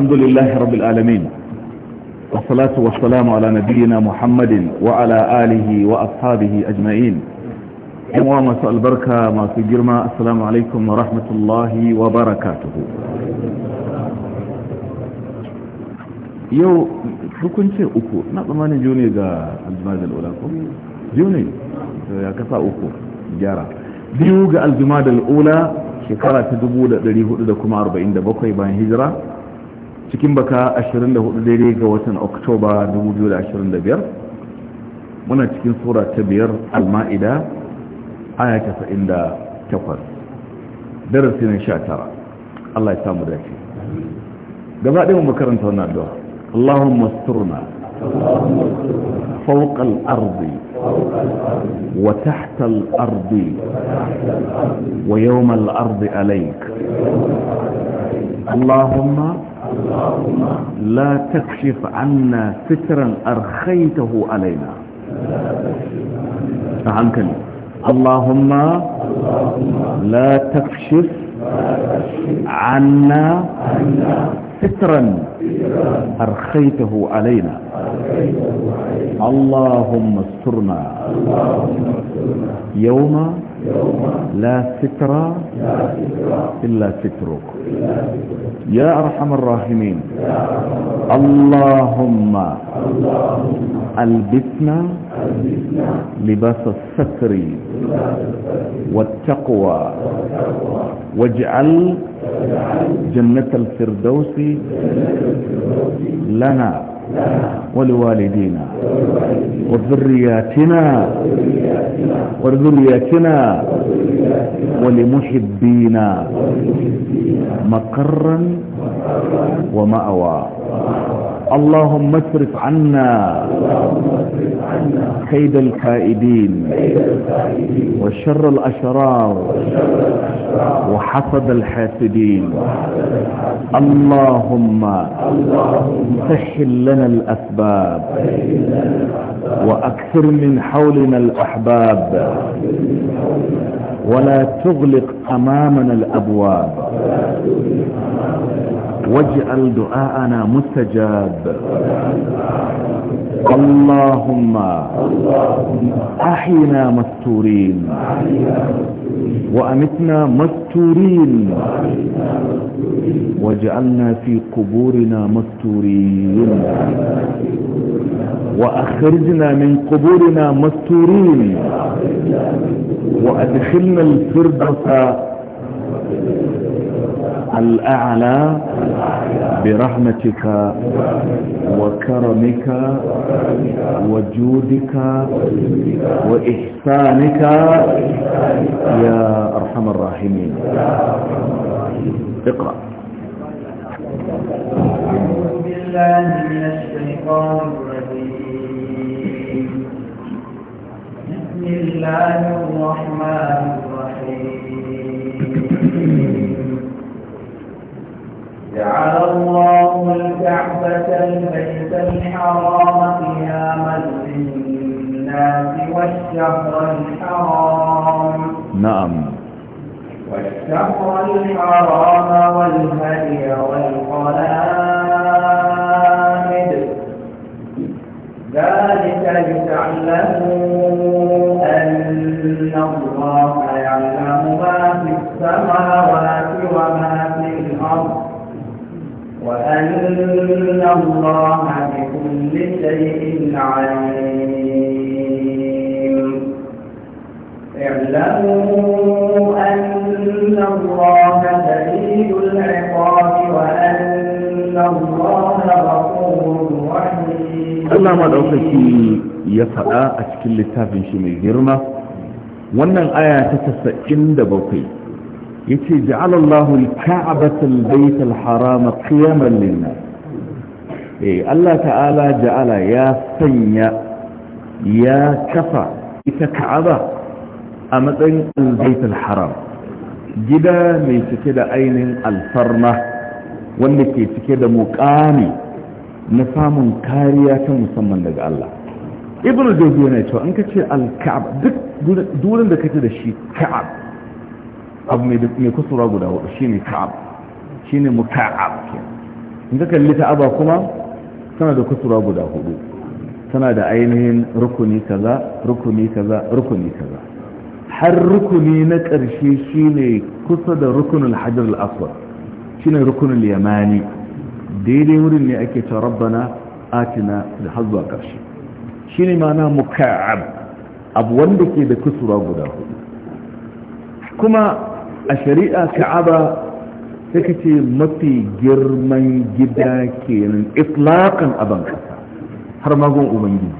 الحمد لله رب العالمين والصلاة والسلام على نبينا محمد وعلى آله وأصحابه أجمعين يوم مساء البركة ما في جرمى السلام عليكم ورحمة الله وبركاته يو rukun ce uku na tsammanin june ga aljimajal ula ko june ya kasa uku gyara biyu ga aljimajal ula shekara ta دبوكي بان هجرة cikin baka 24 daidai ga watan oktoba 2025 muna cikin sura ta biyar al-ma'ida aya 98 darasi na 19 Allah ya samu dace gaba ɗaya mu karanta wannan addu'a Allahumma asturna فوق الأرض وتحت الأرض ويوم الأرض عليك اللهم لا تكشف عنا سترا أرخيته علينا أعنكني اللهم لا تكشف عنا سترا أرخيته علينا اللهم استرنا يوم لا ستر إلا سترك يا أرحم الراحمين اللهم ألبسنا لباس الستر والتقوى واجعل جنة الفردوس لنا ولوالدينا وذرياتنا وذرياتنا ولمحبينا مقرا ومأوى اللهم اصرف عنا كيد الكائدين وشر الأشرار وحسد الحاسدين اللهم سهل لنا الأسباب وأكثر من حولنا الأحباب ولا تغلق أمامنا الأبواب واجعل دعاءنا مستجاب اللهم أحينا مستورين وأمتنا مستورين واجعلنا في قبورنا مستورين وأخرجنا من قبورنا مستورين وأدخلنا الفردوس الأعلى برحمتك وكرمك وجودك وإحسانك يا أرحم الراحمين اقرأ من الشيطان الرجيم بسم الله الرحمن الرحيم جعل الله الكعبة البيت الحرام قياما للناس والشهر الحرام نعم والشهر الحرام والهدي والقلائد ذلك لتعلموا أن الله يعلم ما في السماوات وما في الأرض وأن الله بكل شيء عليم اعلموا أن الله سبيل العقاب وأن الله غفور رحيم الله ما ya faɗa a cikin littafin shi mai girma wannan aya ta 97 yace ja'ala Allahu al-ka'bata al-bayt al-haram qiyaman lin-nas eh Allah ta'ala ja'ala ya sanya ya kafa ita ka'aba a matsayin al-bayt al-haram gida mai cike da ainihin alfarma wanda ke cike da muqami na samun kariya ta musamman daga Allah ibnu jawzi ne to an kace al duk durin da kace da shi ka'ab abu mai kusura guda hudu ne ka'ab in ka kalli ta'aba kuma tana da kusura guda hudu tana da ainihin rukuni kaza rukuni kaza rukuni kaza har rukuni na ƙarshe ne kusa da rukunin hajar al shi ne rukunin yamani daidai wurin ne ake ta rabbana atina da har ƙarshe shi ne ma'ana muka'ab abu wanda ke da kusura guda hudu kuma a shari'a ka'aba sai ka ce mafi girman gida kenan itlaqan abin kasa har magon ubangiji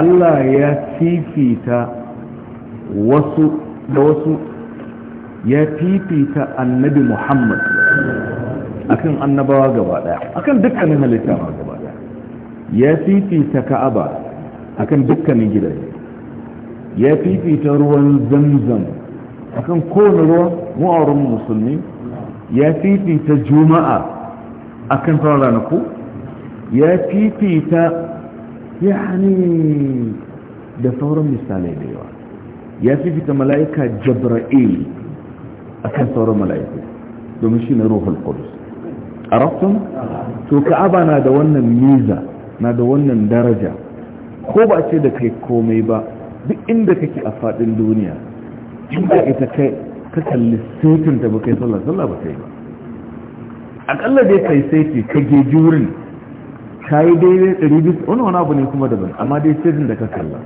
Allah ya fifita wasu da wasu ya fifita annabi Muhammad akan annabawa gaba daya akan dukkanin halitta ma gaba daya ya fifita Ka'aba akan dukkanin gidaje ya fifita ruwan Zamzam akan kowane ruwa mu'aurin musulmi ya fifita juma'a akan sauran ranaku ya fifita yani da sauran misalai da yawa ya fifita mala'ika jabra'il akan sauran mala'iku domin shi na ruhul qudus arabtum to ka'aba na da wannan miza na da wannan daraja ko ba ce da kai komai ba duk inda kake a fadin duniya in ita kai ka kalli saitin da bakai sallah sallah ba sai ba akalla dai kai saiti ka je jurin, ka yi daidai ɗari biyu wani wani abu ne kuma daban amma dai saitin da ka kalla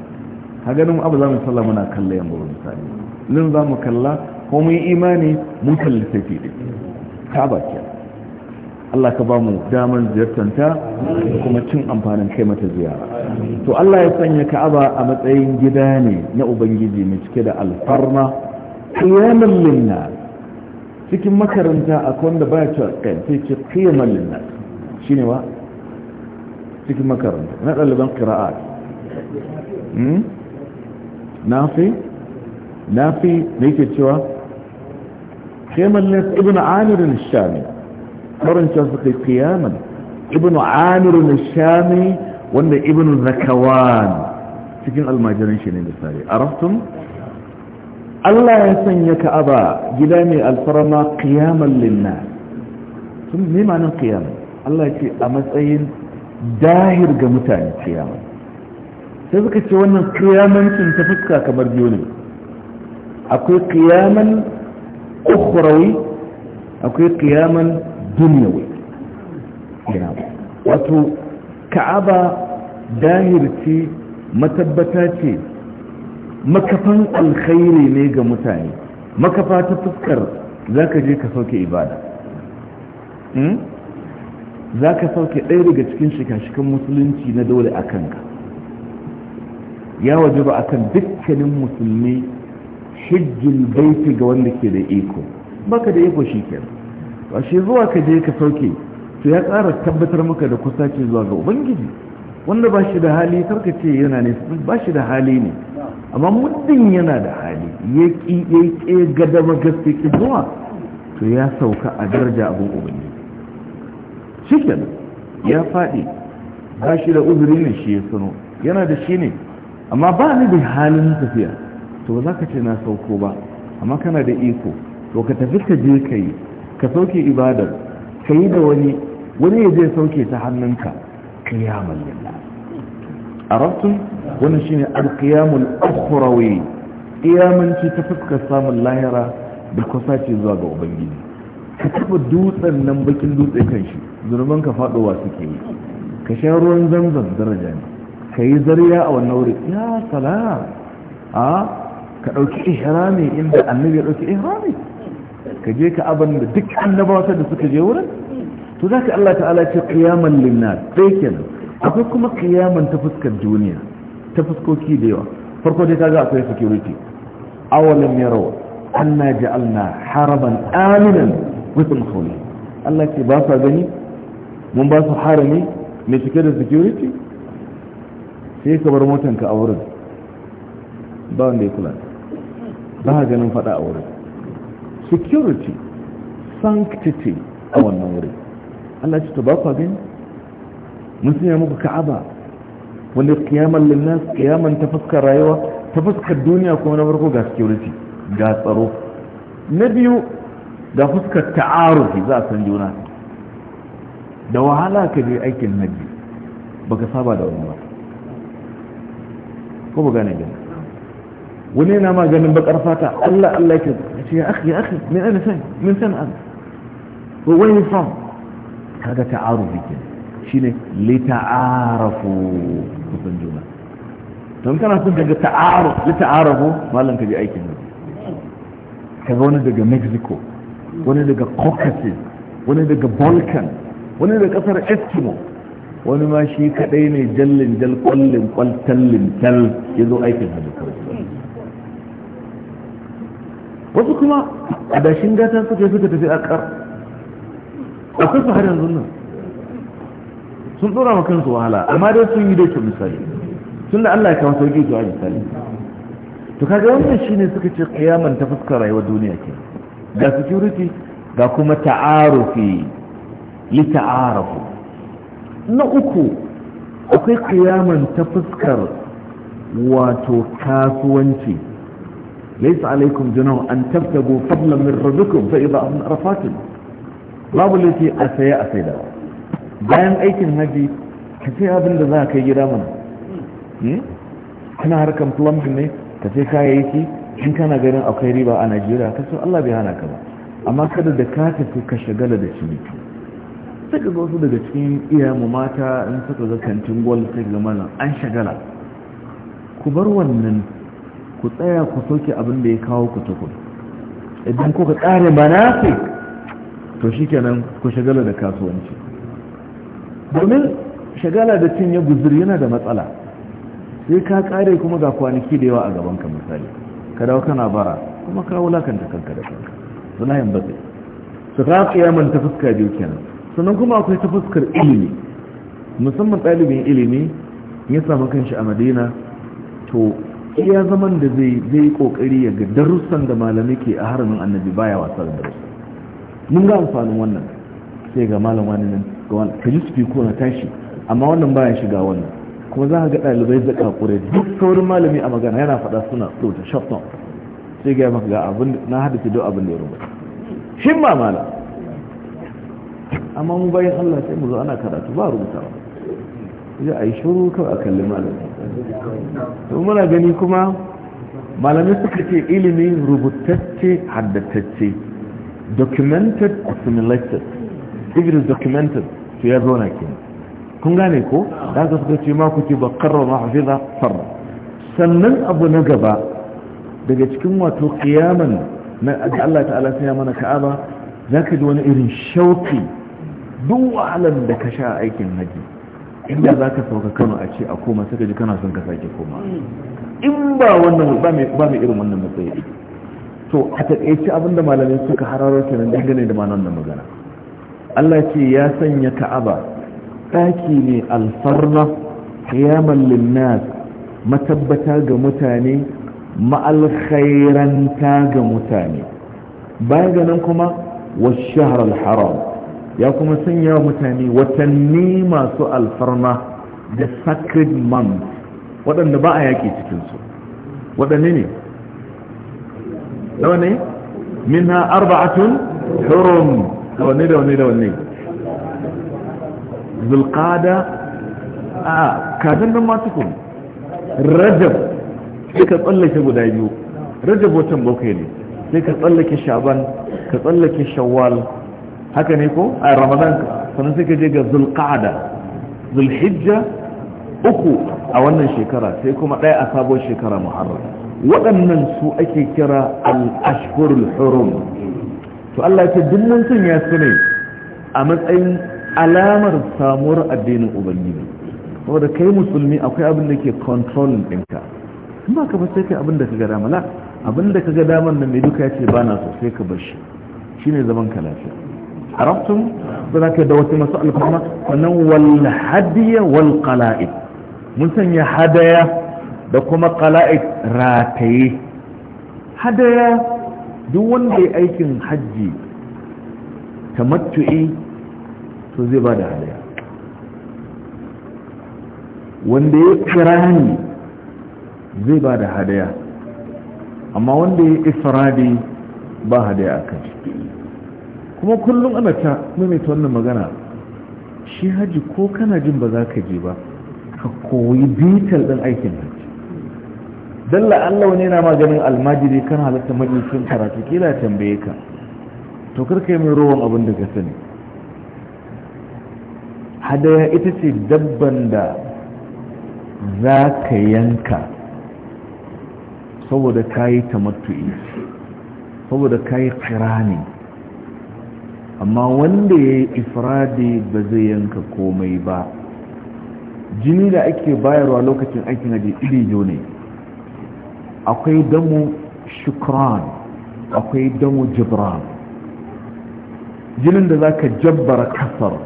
ha mu abu za mu sallah muna kalla yamma ba misali nan za mu kalla ko mu yi imani mun kalli saiti ɗin ka ba kenan Allah ka ba mu damar ziyartanta kuma cin amfanin kai mata ziyara to Allah ya sanya Ka'aba a matsayin gida ne na Ubangiji mai cike da alfarma qiyamal linnas cikin makaranta akwai wanda baya cewa kai sai ce qiyamal linnas shine wa cikin makaranta na ɗaliban hmm? Na fi? Na fi? ne yake cewa qiyamal linnas ibn amir al-shami waɗancan suka yi kiyaman ibn amir Shami wanda ibn zakawan cikin almajiran shi ne misali araftum Allah ya sanya ka'aba gida mai alfarma kiyaman linna sun nema nan kiyaman Allah ce a matsayin dahir ga mutane kiyaman sai suka ce wannan kiyamancin ta fuska kamar biyu ne akwai kiyaman ukhrawi akwai kiyaman ba. wato ka'aba dahirci matabbata ce makafan alkhairi ne ga mutane makafa ta fuskar za ka je ka sauke ibada hmm? za ka sauke ɗaya daga cikin shika-shikan musulunci na dole a kanka ya waje ba akan dukkanin musulmi hijjin baiti ga wanda ke da iko baka da iko shi shi zuwa ka je ka sauke to ya tsara tabbatar maka da kusa ce zuwa ga ubangiji wanda ba shi da hali karka ce yana ne ba shi da hali ne amma muddin yana da hali ya ƙi ya ƙe gadama gaske ki zuwa to ya sauka a daraja abin ubangiji shi ya faɗi ba shi da uzuri ne shi ya sano yana da shi ne amma ba ni da halin tafiya to ba za ka ce na sauko ba amma kana da iko to ka tafi ka je ka yi ka sauke ibadar ka yi da wani wani ya zai sauke ta hannunka kiyamun lillah a rafin wani shi ne alkiyamun akhurawi kiyamanci ta fuskar samun lahira da kusa ce zuwa ga ubangiji ka taba dutsen nan bakin dutse kan shi zurman ka faɗowa suke yi ka sha ruwan zanzan daraja ne ka yi zariya a wannan wuri ya salama a ka ɗauki ihrami inda annabi ya ɗauki ihrami ka je ka abin da duk annabawa da suka je wurin to ka Allah ta'ala ce qiyaman linnas sai kenan akwai kuma kiyaman ta fuskar duniya ta fuskoki da yawa farko dai kaga akwai security awalam yaraw anna ja'alna haraban aminan wasu khawli Allah ce ba sa gani mun ba su harami mai cike da security sai ka bar motanka a wurin ba wanda ya kula ba ganin faɗa a wurin security sanctity a wannan wuri Allah ce ta ba ku gani mun muku ka'aba wanda kiyaman linnas kiyaman ta fuskar rayuwa ta fuskar duniya kuma na farko ga security ga tsaro na biyu ga fuskar ta'arufi za a san juna da wahala ka je aikin hajji baka saba da wani ba ko ba gane gani wani yana maganin bakar fata Allah Allah ya ce ya akhi ya akhi min ana san min san an to where you from kaga ta'arufi ke shine li ta'arafu kusan juna don kana son daga ta'aruf li ta'arafu mallan ka bi aikin nan kaga wani daga Mexico wani daga Caucasus wani daga Balkan wani daga kasar Eskimo wani ma shi kadai ne jallin jal kwallin kwal tallin ya zo aikin hajji wasu kuma a dashin gata suka suka tafi a kar akwai su har yanzu nan sun tsora ma kansu wahala amma dai sun yi dokin misali sun da Allah ya kawo sauki zuwa misali to kaga wannan shine suka ce kiyaman ta fuskar rayuwar duniya ke ga security ga kuma ta'arufi li ta'arufu na uku akwai kiyaman ta fuskar wato kasuwanci ليس عليكم جناح أن تبتغوا فضلا من ربكم فإذا رفاتم babu laifi a saya a saida bayan aikin haji ka sai za kai gida mana kana harkar plumbing ne ka kayayyaki in kana ganin akwai riba a najeriya ka so allah bai ka ba amma kada da ka ka shagala da shi sai ka wasu daga cikin iyayenmu mata in suka ga kantin gwal sai ga malam an shagala ku bar wannan ku tsaya ku soke abin da ya kawo ku tukun idan kuka tsare manafi, to shikenan ku shagala da kasuwanci domin shagala da cinye guzuri yana da matsala sai ka kare kuma ga kwanaki da yawa a gaban ka misali ka dawo kana bara kuma ka wulakanta kanka da kanka suna yin batsi su ka kiyaman ta fuska biyu kenan sannan kuma akwai ta fuskar ilimi musamman ɗalibin ilimi ya samu kanshi a madina to iya zaman da zai yi kokari ya ga darussan da malamai ke a haramin annabi baya wasa da darussan mun ga amfanin wannan sai ga malam wani nan ga wani ka ji su ko na tashi amma wannan baya shiga wannan kuma za ka ga ɗalibai da kakure duk saurin malami a magana yana faɗa suna rubuta shafton sai ga maka ga abin na haddace duk abin da ya rubuta shin ba mala amma mu bayan Allah sai mu zo ana karatu ba rubutawa ya a yi shuru kawai a kalli malami to muna gani kuma malamai suka ce ilimin rubutacce haddatacce documented assimilated if it is documented to ya zauna ke kun gane ko da ka suka ce ma kuke ba karra mahafiza farra sannan abu na gaba daga cikin wato kiyaman na Allah ta'ala sai mana ka'aba za ka ji wani irin shauki duk wahalar da ka sha aikin hajji. inda za ka sauka kano a ce a koma saka ji kana son ka sake koma hmm. in ba wannan ba mai irin wannan matsayi to a taƙaice abinda malamai suka hararo nan dangane da manon nan magana Allah ce ya sanya ka'aba ɗaki ne alfarna kiyaman linnas matabbata ga mutane ma'alkhairanta ga mutane baya ganin kuma wa shahar haram ya kuma sanya wa mutane watanni masu alfarma da sacred month waɗanda ba a yaƙi cikinsu waɗanne ne da wane min ha arba'atun hurum da wane da wane da wane zulqada a kazan nan ma tukun rajab sai ka tsallake guda biyu rajab watan bakwai ne sai ka tsallake shaban ka tsallake shawwal haka ne ko a ramadan sannan sai ka je ga zulqada zulhijja uku a wannan shekara sai kuma ɗaya a sabon shekara muharram waɗannan su ake kira al-ashhurul hurum to Allah ya duk sun ya sune a matsayin alamar samuwar addinin ubangiji saboda kai musulmi akwai abin da ke control ɗinka kuma ka ba sai kai abin da ka ga dama abin da ka ga daman nan mai duka ya ce ba na so sai ka bar shi shine zaman ka arabtum ba za ka da wasu masu alfarma wannan wal hadiya wal qala'id mun sanya hadaya da kuma qala'id rataye hadaya duk wanda ya aikin hajji tamattu'i to zai ba da hadaya wanda ya kirani zai ba da hadaya amma wanda ya ifradi ba hadaya a kan kuma kullum ana ta maimaita wannan magana shi haji ko kana jin ba za ka je ba ka koyi bitar ɗin aikin haji don la'alla wani yana maganin almajiri kan halatta majalisun karatu kila tambaye ka to karka yi mai rowan abin da ka sani hadaya ita ce dabban da za ka yanka saboda ka yi tamattu'i saboda ka yi kirani amma wanda ya yi ifradi ba zai yanka komai ba jini da ake bayarwa lokacin aikin haji iri ne akwai damu shukran akwai damu jibran jinin da za ka jabbara kasar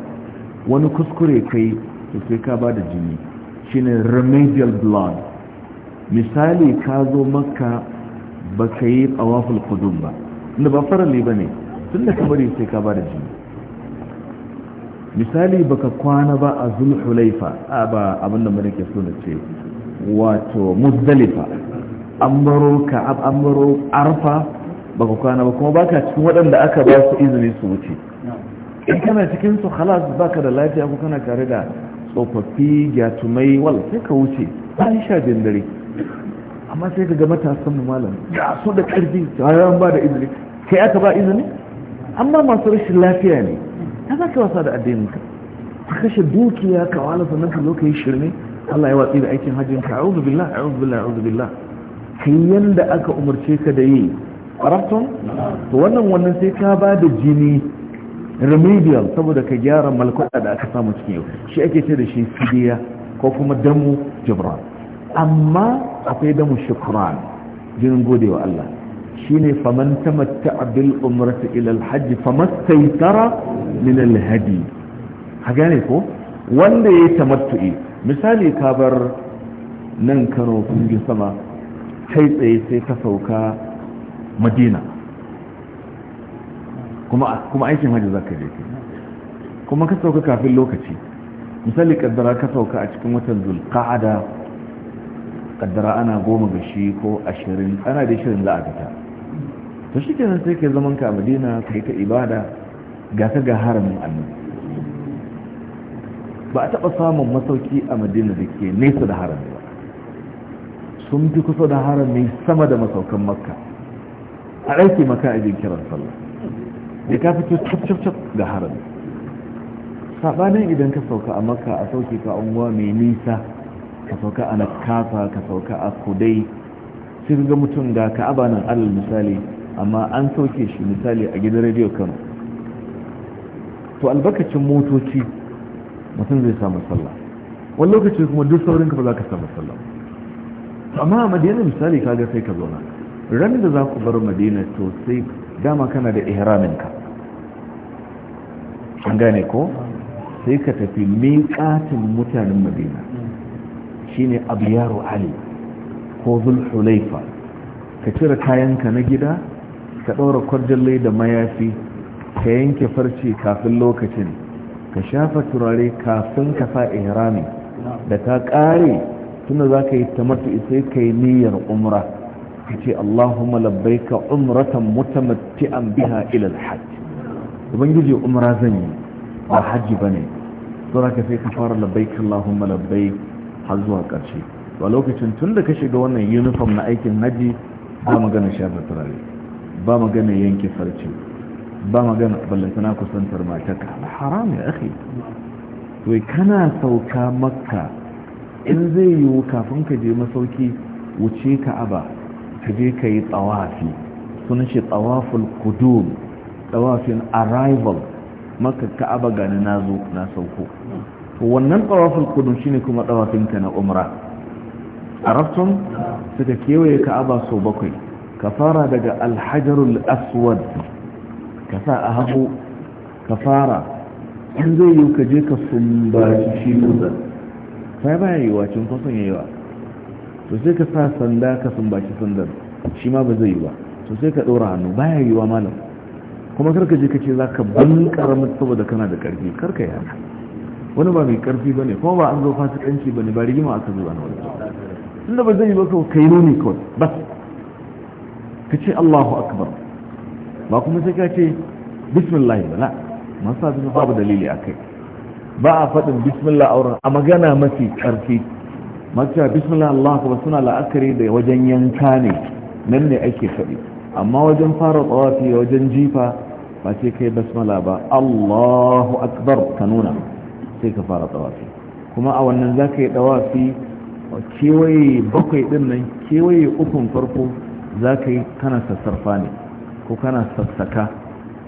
wani kuskure kai to sai ka ba da jini shine remedial blood misali ka zo maka ba ka yi tsawafin kudin ba inda ba ne ba ne tun da kamar sai ka ba da jini misali baka kwana ba a hulaifa a ba abin da mana ke so na ce wato muzdalifa an baro ka an baro arfa baka kwana ba kuma baka cikin waɗanda aka ba su izini su wuce in kana cikin su halas baka da lafiya ko kana tare da tsofaffi gyatumai wal sai ka wuce bayan sha dare amma sai ka ga matasan mu malam ga su da ƙarfi tare ba da izini kai aka ba izini amma masu rashin lafiya ne ta za ka wasa da addininka ka kashe dukiya ka wala sannan ka zo shirme Allah ya watsi da aikin hajjin ka a'udhu billah a'udhu billah a'udhu billah yi yanda aka umarce ka da yi arabtum to wannan wannan sai ka ba da jini remedial saboda ka gyara malkwada da aka samu cikin yau shi ake ce da shi fidiya ko kuma damu jibran amma akwai damu shukran jinin wa Allah shine faman tamatta bil umrati ila al hajj famastaysara min al hadi gane ko wanda ya tamattu'i misali ka bar nan Kano ji sama kai tsaye sai ka sauka Madina kuma kuma aikin hajji zaka je kuma ka sauka kafin lokaci misali kaddara ka sauka a cikin watan zulqa'ada kaddara ana goma ga shi ko ashirin ana da shirin la'adata to shi kenan sai ka zaman ka a madina ka yi ta ibada ga ka ga haramin annabi ba a taɓa samun masauki a madina da ke nesa da harami ba sun fi kusa da harami sama da masaukan makka a ɗauke maka abin kiran sallah da ka fito cap ga harami saɓanin idan ka sauka a makka a sauke ka unguwa mai nisa ka sauka a nakafa ka sauka a kudai sai ga mutum ga ka'aba nan alal misali amma an sauke shi misali a gidan rediyo kano to albarkacin motoci mutum zai samu sallah wani lokaci kuma duk saurinka ba za ka samu sallah amma a madina misali kaga sai ka zauna ran da za ku bar madina to sai dama kana da ihraminka an gane ko sai ka tafi min katin mutanen madina shine abiyaru ali ko zulhulaifa ka cire kayanka na gida ka ɗora kwarjalle da mayafi ka yanke farce kafin lokacin ka shafa turare kafin ka sa ihrami da ka ƙare tunda za ka yi tamattu sai ka yi niyyar umra ka ce allahumma ka umratan mutamatti'an biha ila alhajj ubangiji umra zan yi ba hajji bane ne za ka sai ka fara ka allahumma labbaik har zuwa ƙarshe ba lokacin tun da ka shiga wannan uniform na aikin hajji za mu gana shafa turare ba magana yanke farce ba magana ballantana kusantar mataka haram ya ake wai kana sauka makka in zai yiwu kafin ka je masauki wuce ka aba ka je ka yi tsawafi sunan shi tsawafin kudum tsawafin arrival Makka ka aba gani na zo na sauko wannan tsawafin kudum shine kuma tsawafinka na umra a suka kewaye ka aba sau bakwai ka fara daga alhajarul aswad ka sa a hagu ka fara in zai yi ka je ka sumbaci shi dutsen sai ba ya yi wa cin kwasan ya yi wa to sai ka sa sanda ka sumbaci sandan shi ma ba zai yi ba to sai ka ɗora hannu ba ya yi wa malam kuma karka je ka ce za ka ban karamar saboda kana da ƙarfi karka yi haka wani ba mai ƙarfi ba ne kuma ba an zo fasikanci ba ne ba rigima aka zo a wani inda ba zai yi ba kawai kai nuni kawai bas ka ce Allahu akbar ba kuma sai ka ce bismillah ba na masu sa babu dalili a kai ba a faɗin bismillah auren a magana mafi ƙarfi masu bismillah Allah ba suna la'akari da wajen yanka ne nan ne ake faɗi amma wajen fara tsawafi wajen jifa ba ce kai basmala ba Allahu akbar ka nuna sai ka fara tsawafi kuma a wannan za ka yi tsawafi kewaye bakwai ɗin nan kewaye ukun farko za ka yi kana sassarfa ne ko kana sassaka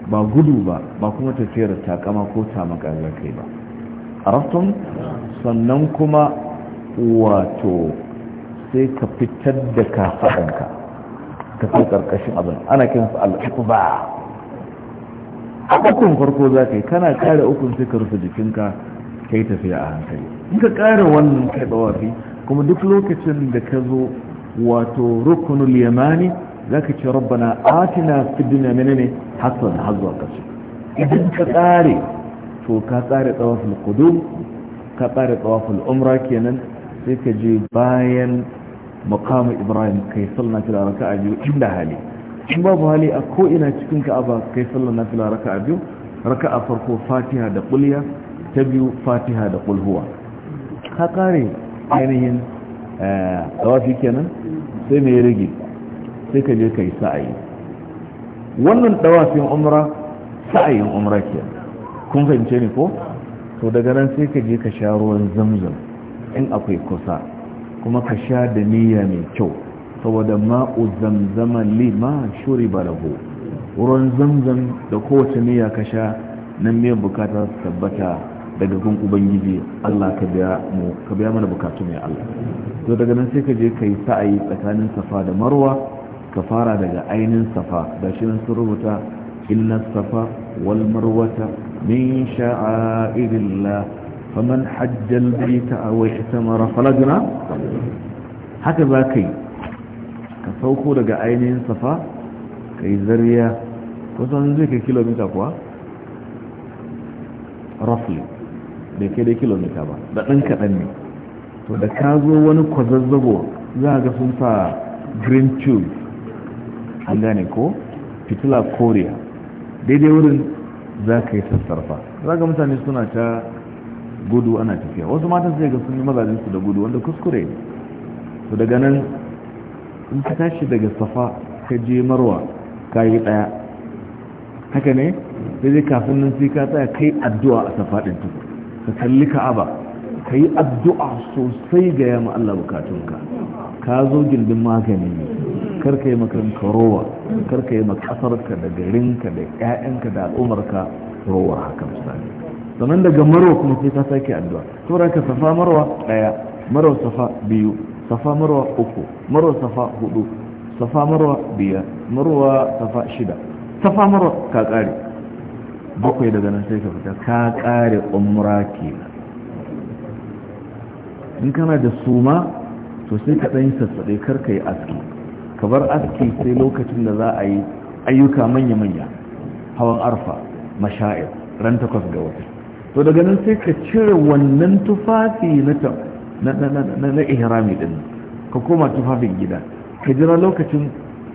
ba gudu ba ba kuma tafiyar takama ko tamaka za ka yi ba arastun sannan kuma wato sai ka fitar da kafaɗanka ka fi ƙarƙashin abin ana kinsu al'uku ba a ukun farko za ka yi kana kare ukun sai ka rufe jikinka ka yi tafiya a hankali in ka kare wannan kai ɗawafi kuma duk lokacin da ka zo wato rukunul yamani zaka ce rabbana atina fid dunya menene hasan hazwa kace idan ka tsare to ka tsare tawaful qudum ka tsare tawaful umra kenan sai ka je bayan maqam ibrahim kai sallan fil raka'a biyu inda hali in babu hali a ko ina cikin ka'aba kai sallan nafila raka'a biyu raka'a farko fatiha da kulliya ta biyu fatiha da kulhuwa ka kare yanayin. tawafi eh, kenan sai mai rage sai ka je ka yi sa'ayi wannan tawafin umra sa'ayin umra kenan kun fahimce ni ko to daga nan sai ka je ka sha ruwan zamzam in akwai kusa kuma ka sha da niyya mai kyau saboda ma'u zamzama lima shuri balahu ruwan zamzam da kowace niyya ka sha nan mai bukata tabbata daga gun ubangiji Allah ka biya mu ka biya mana bukatu mai Allah to daga nan sai ka je kai sa'ayi tsakanin safa da marwa ka fara daga ainin safa da shi nan sun rubuta inna safa wal marwata min sha'airillah faman hajjal baita aw ihtamara fala juna haka za kai ka sauko daga ainihin safa kai zariya kusan zai kai kilomita kuwa roughly bai kai dai kilomita ba da ɗan kaɗan ne to da ka zo wani kwazazzago za ga sun sa green tube an gane ko fitila koriya daidai wurin za ka yi sassarfa za ga mutane suna ta gudu ana tafiya wasu matan sai ga sun yi su da gudu wanda kuskure ne to daga nan in ka tashi daga safa ka je marwa ka yi ɗaya haka ne sai kafin nan sai ka tsaya kai addu'a a safa ɗin tuku ka kalli ka'aba ka yi addu'a sosai ga yamma Allah bukatunka ka zo gindin magani ne ka yi makan ka kar ka yi makasarka da garinka da 'ya'yanka da al'umarka rowa haka misali sannan daga marwa kuma sai ka sake addu'a saboda ka safa marwa ɗaya marwa safa biyu safa marwa uku marwa safa hudu safa marwa biyar marwa safa shida safa marwa ka kare bakwai daga nan sai ka fita ka kare umra ke in kana da suma to sai ka ɗan sassaɗe karka yi aski ka bar aski sai lokacin da za a yi ayyuka manya-manya hawan arfa masha'ir ran takwas ga wata to daga nan sai ka cire wannan tufafi na ihrami din ka koma tufafin gida ka jira lokacin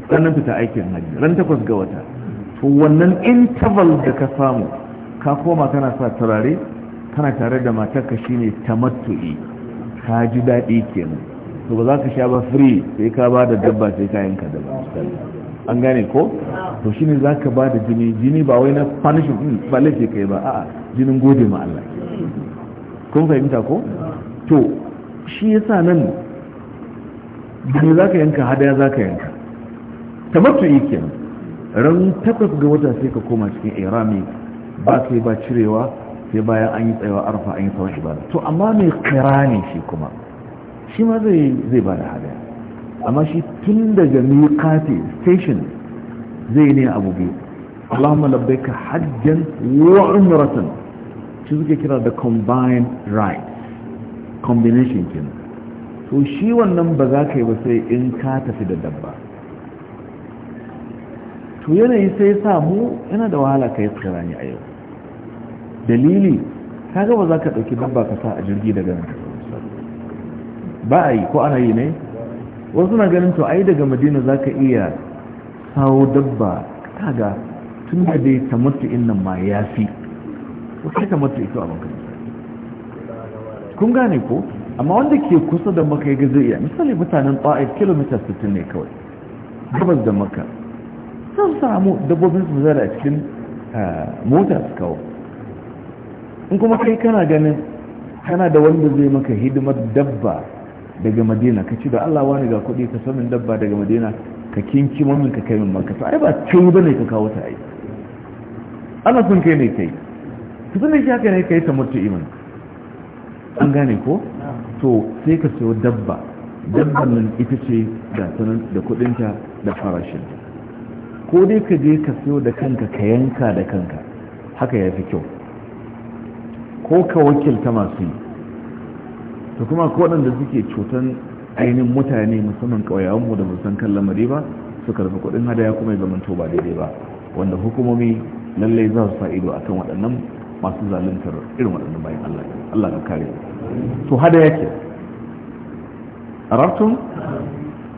ranar fita aikin hajji ran takwas ga wata to wannan interval da ka samu ka koma kana sa turare kana tare da matarka shine tamattu'i ka ji daɗi kenan to ba za ka sha ba free sai ka ba da dabba sai ka yanka da an gane ko to shine za ka ba da jini jini ba wai na punishment hmm, ba laifi kai ba a'a jinin gode ma Allah kun fahimta ko to shi yasa nan jini za ka yanka hadaya za ka yanka tamattu'i kenan ran takwas ga wata sai ka koma cikin irami ba sai ba cirewa sai bayan an yi tsayawa arfa an yi tsawon ibada to amma mai kira ne shi kuma shi ma zai zai ba da hadaya amma shi tun daga miƙati station zai ne abu biyu allahumma ka hajjan wa umratan shi suke kira da combined right combination kin to shi wannan ba za ka yi ba sai in ka tafi da dabba to yanayi sai sa mu yana da wahala ka yi tsirani a yau dalili ka gaba za ka ɗauki dabba ka sa a jirgi daga nan ba a yi ko ana yi ne wasu na ganin to ai daga madina za ka iya sawo dabba ga tun da dai ta mutu nan ma ya fi wasu ta mutu ito a bankan kun gane ko amma wanda ke kusa da maka ya gaza iya misali mutanen ta'ai kilomita 60 ne kawai gabas da maka sun samu dabbobin su zara a cikin mota su kawo in kuma kai kana ganin kana da wanda zai maka hidimar dabba daga madina ka ci da allah wani ga kuɗi ka samun dabba daga madina ka kinki mamin ka kai min ai ba cin bane ka kawo ta ai ana sun kai ne kai su sun shi haka ne kai ta mutu iman an gane ko to sai ka sayo dabba dabban nan ita ce da sanan da kudinta da farashinta ko dai ka je ka siyo da kanka ka yanka da kanka haka ya fi kyau ko ka wakilta masu yi to kuma ko waɗanda suke cutan ainihin mutane musamman ƙauyawanmu da musan kan lamari ba su karfi kuɗin hadaya kuma ya zamanto ba daidai ba wanda hukumomi lallai za su sa ido akan waɗannan masu zaluntar irin waɗannan bayan Allah Allah ka kare to hada yake rafton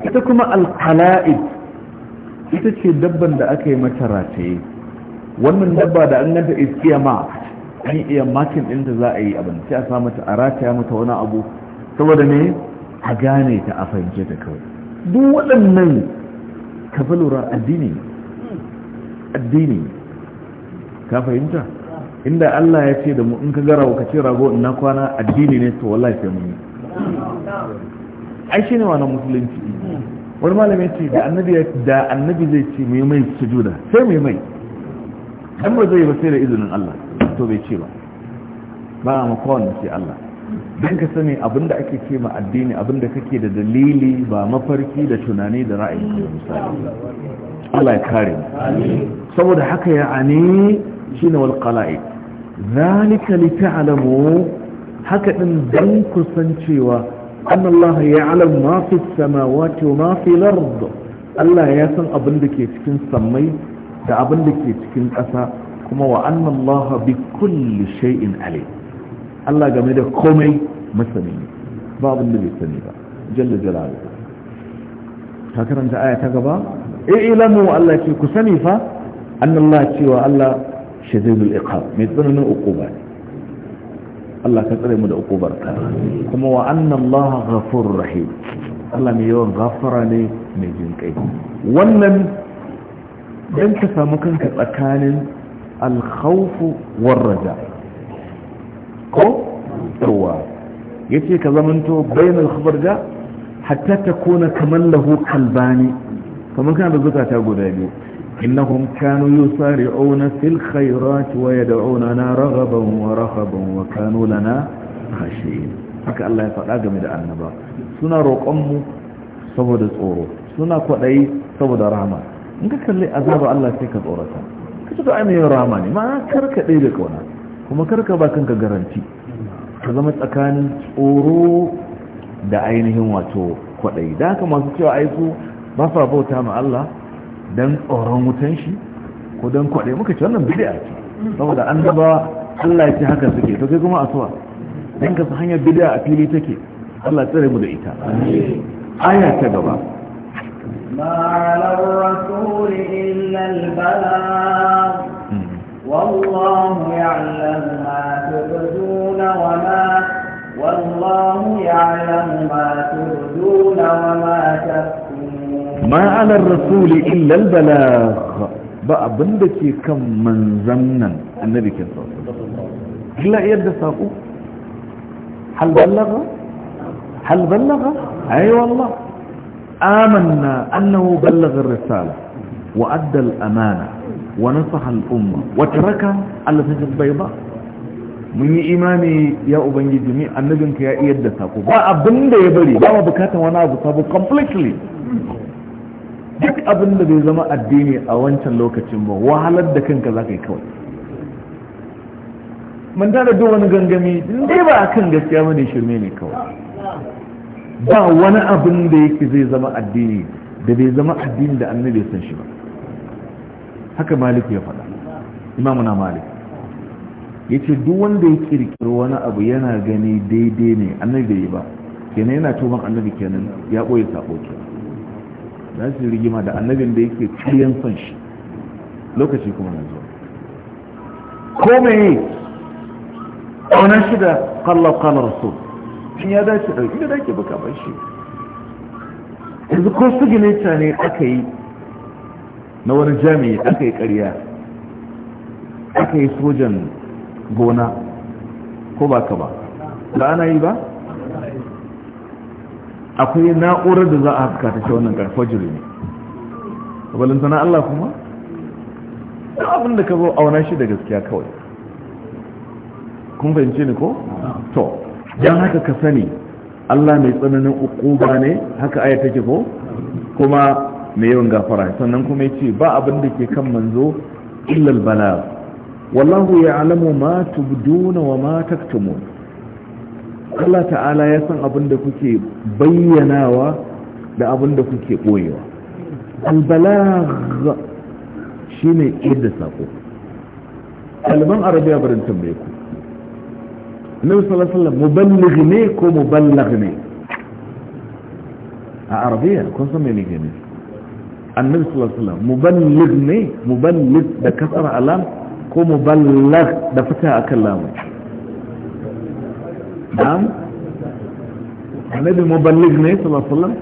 ita kuma alqala'id ita ce dabban da aka yi mata rataye wannan dabba da an ganta iskiya ma an iya makin ɗin da za a yi abin sai a sa mata a rataya mata wani abu saboda ne a gane ta a fahimce ta kawai duk waɗannan ka fi lura addini addini ka fahimta inda Allah ya ce da mu in ka gara ka ce rago na kwana addini ne to wallahi sai mun yi ai shine wannan musulunci wani malami ce da annabi da annabi zai ce mai mai sujuda sai mai mai dan ba zai ba sai da izinin Allah to bai ce ba ba ma kowanne ce Allah dan ka sani abinda ake ce ma addini abinda kake da dalili ba mafarki da tunani da ra'ayi misali Allah ya kare saboda haka ya ani shine wal qala'i zalika li ta'lamu haka din dan kusancewa cewa أن الله يعلم ما في السماوات وما في الأرض الله يسن أبن لك يتكن سمي دا أبن لك يتكن أسا كما وأن الله بكل شيء عليه الله جميل كومي مسمي بعض اللي سنيبا جل جلاله هكذا أنت آية تقبا إعلموا الله يتكن كسني أن الله يكي الله شديد الإقاب ميتبنى من أقوبات Allah ka tsare mu da barka kuma wa annan Allah ghafurur rahim Allah mai yawan gafara ne mai jin kai wannan dan ka samu kanka tsakanin al-khawf war raja ko tsawa yace ka zamanto bainal khabar da hatta takuna kaman lahu kalbani kaman kana da zukata guda biyu إنهم كانوا يسارعون في الخيرات ويدعوننا رغبا ورهبا وكانوا لنا خشين haka Allah ya faɗa game da annaba suna roƙonmu saboda tsoro suna kwaɗayi saboda rama. in ka kalli azaba Allah sai ka tsorata ka ci da ainihin ne ma karka ɗaya da ƙauna kuma karka ba kanka garanti ka zama tsakanin tsoro da ainihin wato kwaɗayi da haka masu cewa aiku ba sa bauta ma Allah don tsoron wutan shi ko don kwaɗe muka ce wannan bidiya ce saboda an daba Allah ya ce haka suke to kai kuma asuwa don ka su hanyar bidiya a fili take Allah tsare mu da ita aya ta gaba ما على الرسول إلا البلاغ والله يعلم ما تبدون وما والله يعلم ما تبدون وما تبدون ma ala rasuli illa albalagh ba abin da ke kan manzan nan annabi ke sa illa yadda saƙo hal ballaga hal ballaga ayi wallah amanna annahu ballaga risala wa adda al-amana wa nasaha al-umma wa taraka al-fajr bayda mun yi imani ya ubangiji ni annabinka ya iya da sako ba abin da ya bari ba bukatan wani abu sabo completely duk abin da bai zama addini a wancan lokacin ba wahalar da kanka za ka yi kawai man da duk wani gangami dai ba a kan gaskiya ba shirme ne kawai ba wani abin da yake zai zama addini da bai zama addini da annabi san shi ba haka malik ya faɗa imamu malik ya ce duk wanda ya kirkiri wani abu yana gani daidai ne annabi bai yi ba kenan yana tuban annabi kenan ya ɓoye sabo kenan za su rigima da annabin da yake ciyan son shi lokaci kuma na zuwa ko mai ƙaunar shi da kallon kanar so shi ya dace ɗauki da dake baka ban shi yanzu ko su ta ne aka yi na wani jami'i aka yi ƙarya aka yi sojan gona ko ba ka ba ba ana yi ba akwai na'urar da za a haska ta ce wannan karfa jiri ne na Allah kuma da abin da ka zo auna shi da gaskiya kawai kun fahimci ni ko? to don haka ka sani Allah mai tsananin ukuba ne haka aya take ko kuma mai yawan gafara sannan kuma ya ce ba abin da ke kan manzo illal bala wallahu ya alamu ma tubduna wa ma taktumun Allah ta'ala ya san abin da kuke bayyanawa da abin da kuke ɓoyewa albalagha shi ne yadda saƙo kalman arabiya barin tambaye ku nabi sallallahu alaihi wasallam muballigh ne ko muballagh ne a arabiya kun san me ne annabi sallallahu alaihi wasallam muballigh ne muballigh da kasara alam ko muballigh da fita akan lamu na'am annabi muballigh ne sallallahu alaihi wasallam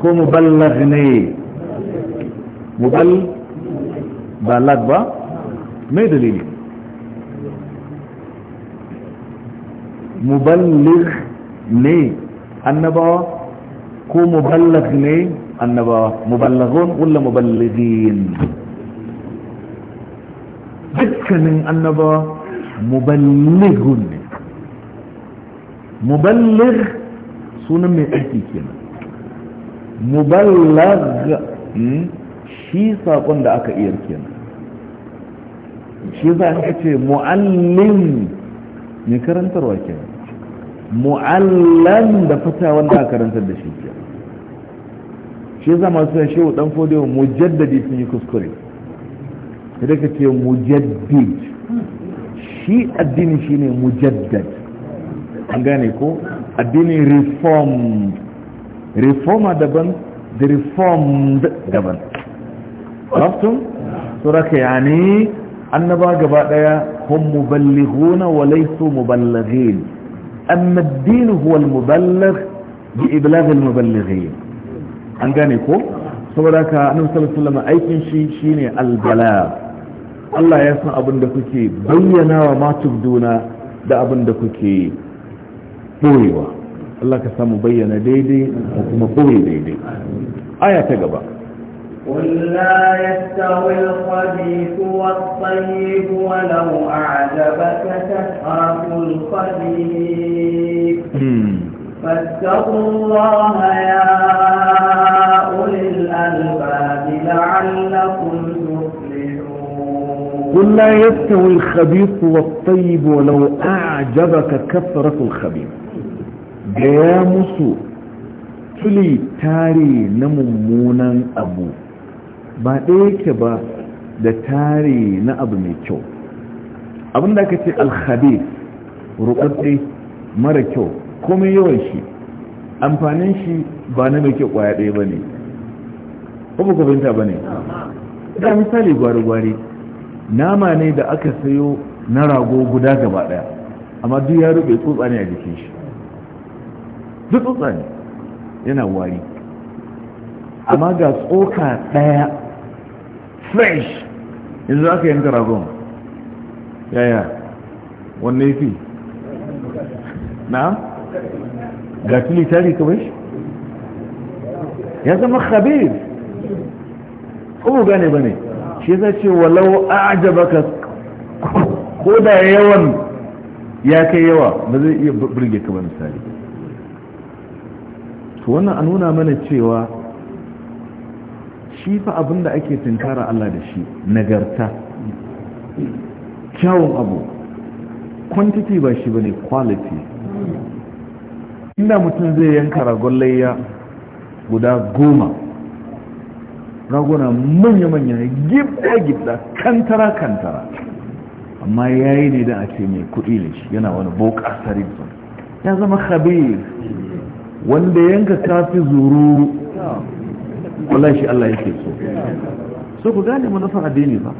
ko muballigh ne mubal balag ba mai dalili muballigh ne annabawa ko muballigh ne annabawa muballaghun wala muballighin dukkanin annabawa muballighun muballigh sunan mai aiki kenan muballigh hmm, shi sakon da aka iyar kenan shi za a ce mu'allim mai karantarwa kenan mu'allam da fata wanda aka karantar da shi kenan shi za masu ya shehu dan fodewa mujaddadi sun yi kuskure sai ka ce mujaddid shi addini shine mujaddad an gane ko addinin reform reforma daban da reformed daban raftun suraka ya ne annaba gaba daya hun muballihuna wa laisu muballighin amma addini huwa al-muballigh bi iblagh al-muballighin an gane ko saboda ka annabi sallallahu alaihi wasallam aikin shi shine al-balagh Allah ya san abin da kuke bayyana wa matuk matubduna da abin da kuke boyewa Allah ka samu bayyana daidai da kuma boye daidai قل لا يستوي الخبيث والطيب ولو أعجبك كثرة الخبيث فاتقوا الله يا أولي الألباب لعلكم قل لا يستوي الخبيث والطيب ولو أعجبك كثرة الخبيث gaya musu tuli tare na mummunan abu ba ɗaya ke ba da tare na abu mai kyau abinda aka ce alhabis rukatse mara kyau komai yawan shi amfanin shi ba na mai kyau kwaya ɗaya ba ne ba ku ba ne da misali gwari-gwari nama ne da aka sayo na rago guda gaba daya amma duk ya rube tsutsa ne a jikin shi duk tsutsa ne yana wari amma ga tsoka daya fresh yanzu aka yanka ragon yaya wannan fi na ga fili tari kawai? shi ya zama khabir ko gane ba ne shi ya ce walau a'jabaka ko da yawan ya kai yawa ba zai iya burge ka ba misali to wannan a nuna mana cewa shi fa abin da ake tunkara Allah da shi nagarta kyawun abu quantity ba shi ne quality inda mutum zai yanka ragon layya guda goma raguna manya-manya gibda-gibda kantara-kantara amma ya yi ne da ake mai kuɗi ne shi yana wani boka ya zama khabir wanda yanka kafi zururu wala shi Allah yake so so ku gane manufar addini ba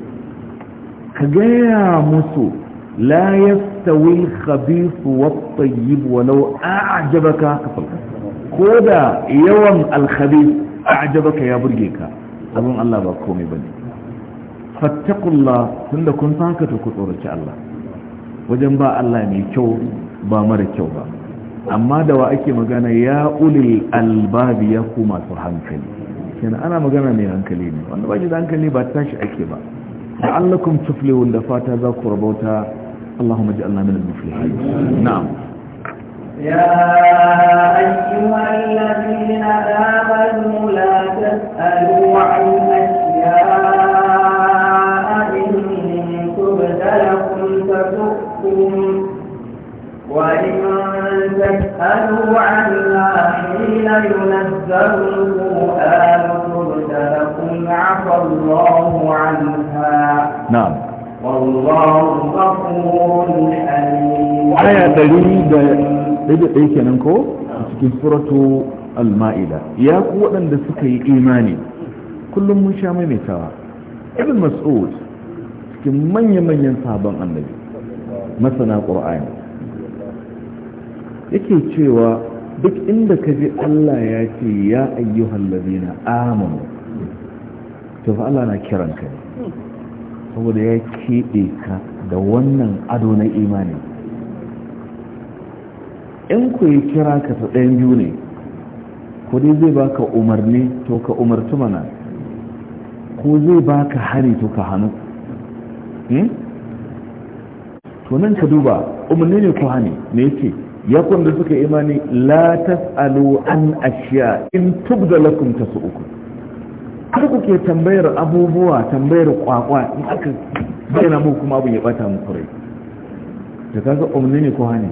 ka gaya musu la ya al-khabith wat-tayyib walau a'jabaka Ko da yawan al-khabith a'jabaka ya burge ka abin Allah ba komai ba fattakullah tunda kun san haka to ku tsoraci Allah wajen ba Allah mai kyau ba mara kyau ba amma da wa ake magana ya ulil albabi ya ku masu hankali kenan ana magana mai hankali ne wanda ba da hankali ba tashi ake ba la'allakum tuflihun da fata za ku rabauta Allahumma ij'alna min al-muflihin na'am يا أيها الذين آمنوا تسألوا عن أشياء إن تبد لكم تسؤكم وإن تسألوا عنها حين ينزل القرآن تبت لكم عفى الله عنها نعم والله غفور حليم آية دليل da ɗaya kenan ko a cikin al-ma'ida ya ku waɗanda suka yi imani kullum mun sha maimaitawa ibn mas'ud cikin manya-manyan sabon annabi masana ƙur'ani yake cewa duk inda ka ji Allah ya ce ya ayyuhal ladina amanu to fa Allah na kiran ka ne saboda ya keɓe ka da wannan ado na imani in ku yi kira ka ta ɗayan biyu ne ko dai zai baka umarni to ka umartu mana ko zai baka hari to ka hannu hmm? to nan ka duba umarni ne ko hani ne yake ya da suka imani la tas'alu an ashiya in tubda lakum tasu'uku kar ku ke tambayar abubuwa tambayar kwakwa in aka bayyana mu kuma abin ya bata muku rai da kaga umarni ne ko hani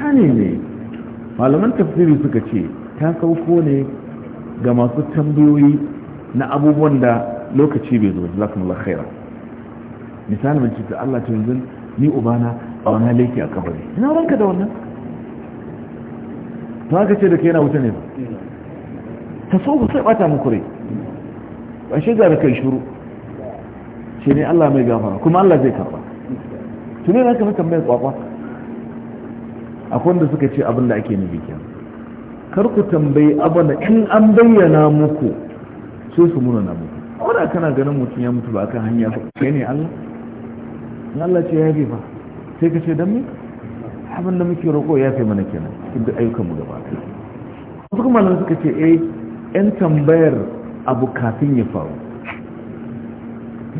hani ne malaman tafsiri suka ce ta sauko ne ga masu tambayoyi na abubuwan da lokaci bai zo jazakumullahu khaira misali mace ta Allah ta yanzu ni ubana a wani laifi a kabari ina ranka da wannan ta haka ce da kai yana wuta ne ba ta so ku sai bata muku rai ba shi da kai shuru shi ne Allah mai gafara kuma Allah zai karba tuni na kamar tambayar kwakwa akwai wanda suka ce abin da ake nufi kenan kar ku tambayi abana in an bayyana muku sai su muna muku wadda da kana ganin mutum ya mutu ba akan hanya ba kai ne Allah in Allah ce ya yafe ba sai ka ce don me abin da muke roƙo ya fi mana kenan inda ayyukan mu gaba wasu kuma nan suka ce eh yan tambayar abu kafin ya faru